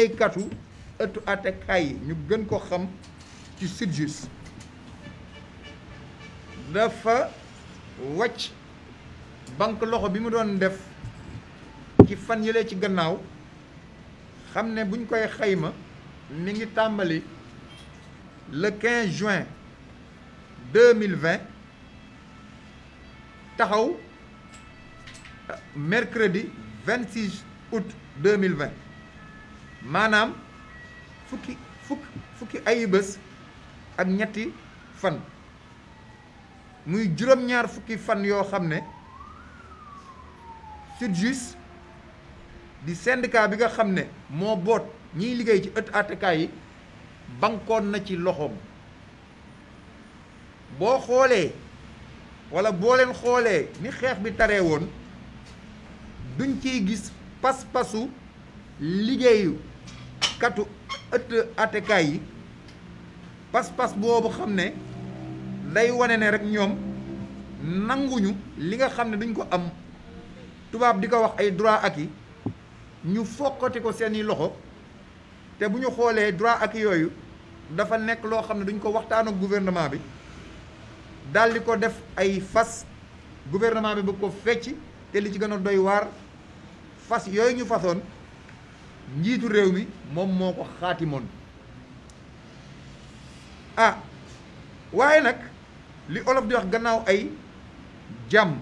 liggéeykatu ëttu attekaay yi ñu gën ko xam ci sudjus dafa wàcc banque loxo bi mu doon def ci fan yëlee ci gannaaw xam ne buñ koy xayma mi ngi tàmbali le 15 juin 2020 taxaw euh, mercredi 26 août 2020 maanaam fukki fukki fukki ayu bés ak ñetti fan muy juróom-ñaar fukki fan yoo xam ne SYTJUST di syndicat bi nga xam ne moo boot ñiy liggéey ci ëtt àttekaay yi bankoon na ci loxoom boo xoolee wala boo leen xoolee ni xeex bi taree woon duñ ciy gis pas-pasu liggéeyu katu ëtt attekaay yi pas-pas boobu xam ne day wane ne rek ñoom nanguñu li nga xam ne duñ ko am tubaab di ko wax ay ak acquis ñu fokkati ko seeni loxo te bu ñu xoolee droit acquis yooyu dafa nekk loo xam ne duñ ko waxtaan ak gouvernement bi daal di ko def ay fas gouvernement bi bëgg ko fecc te li ci gën a doy waar fas yooyu ñu fasoon njiitu réew mi moom moo ko xaatimoon ah waaye nag li olof bi wax gannaaw ay jàmm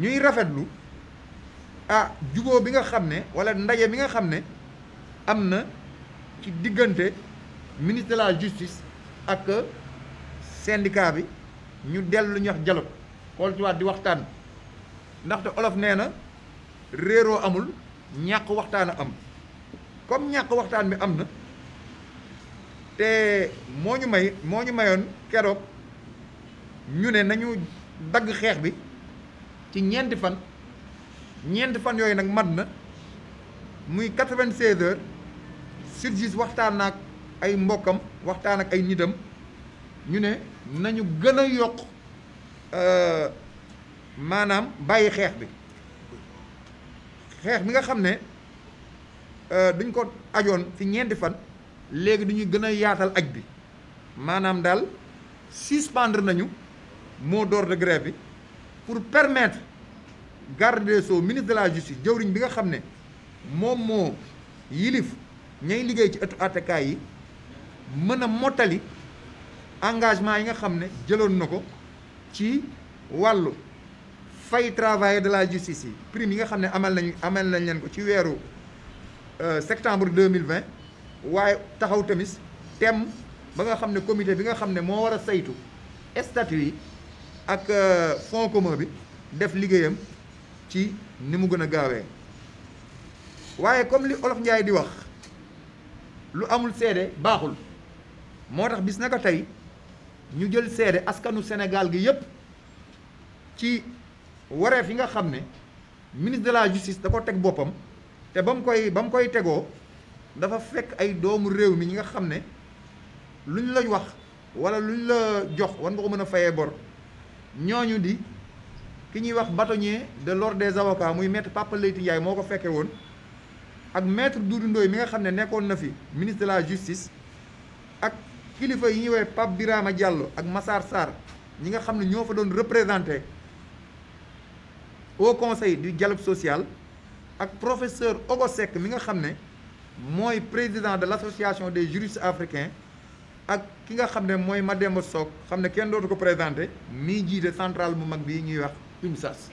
ñuy rafetlu ah jubo bi nga xam ne walla ndaje bi nga xam ne am na ci diggante ministre la justice ak syndicat bi ñu dellu ñuy wax dialogue xool di waxtaan ndaxte olof nee na réeroo amul ñàkk waxtaan a am comme ñàkk waxtaan bi am na te moo ñu may moo ñu mayoon keroog ñu ne nañu dagg xeex bi ci ñeenti fan ñeenti fan yooyu nag mat na muy quatre-vingt-seize heures surgis waxtaan ak ay mbokkam waxtaan ak ay nitam ñu ne nañu gën a yokk euh, maanaam bàyyi xeex bi xeex bi nga xam ne euh, duñ ko ajoon fi ñeenti fan léegi du ñuy gën a yaatal aj bi maanaam daal suspendre nañu moo door de grève bi pour permettre garde des sceaux ministre de la justice jëwriñ bi nga xam ne moom moo yilif ñay liggéey ci ëttu àttekaay yi mën a mottali engagement yi nga xam ne jëloon na ko ci wàllu fay travailleurs de la justice yi prime yi nga xam ne amal nañ amal nañ leen ko ci weeru euh, septembre 2020 waaye taxaw tamit tem ba nga xam ne comité bi nga xam ne moo war a saytu statut yi ak euh, fonds commun bi def liggéeyam ci ni mu gën a gaawee waaye comme li olof Njaay di wax lu amul seede baaxul moo tax bis naka tey ñu jël seede askanu Sénégal gi yépp ci wareef yi nga xam ne ministre de la justice da ko teg boppam te ba mu koy ba mu koy tegoo dafa fekk ay doomu réew mi ñi nga xam ne lu ñu lañ wax wala luñ la jox wan nga ko mën a fayee bor ñooñu di ki ñuy wax bâtonnier de l'ordre des avocats muy maître Papa Leyti Ndiaye moo ko fekke woon ak maître Doudou Ndoye mi nga xam ne nekkoon na fi ministre de la justice ak kilifa yi ñuy woowee Pape Birama jàll ak masaar saar ñi nga xam ne ñoo fa doon représenté au conseil du dialogue social ak professeur Ogo Seck mi nga xam ne mooy président de l' association des juristes africains ak ki nga xam ne mooy ma demb Sock xam ne kenn dootu ko présenté mii jiite centrale bu mag bii ñuy wax sas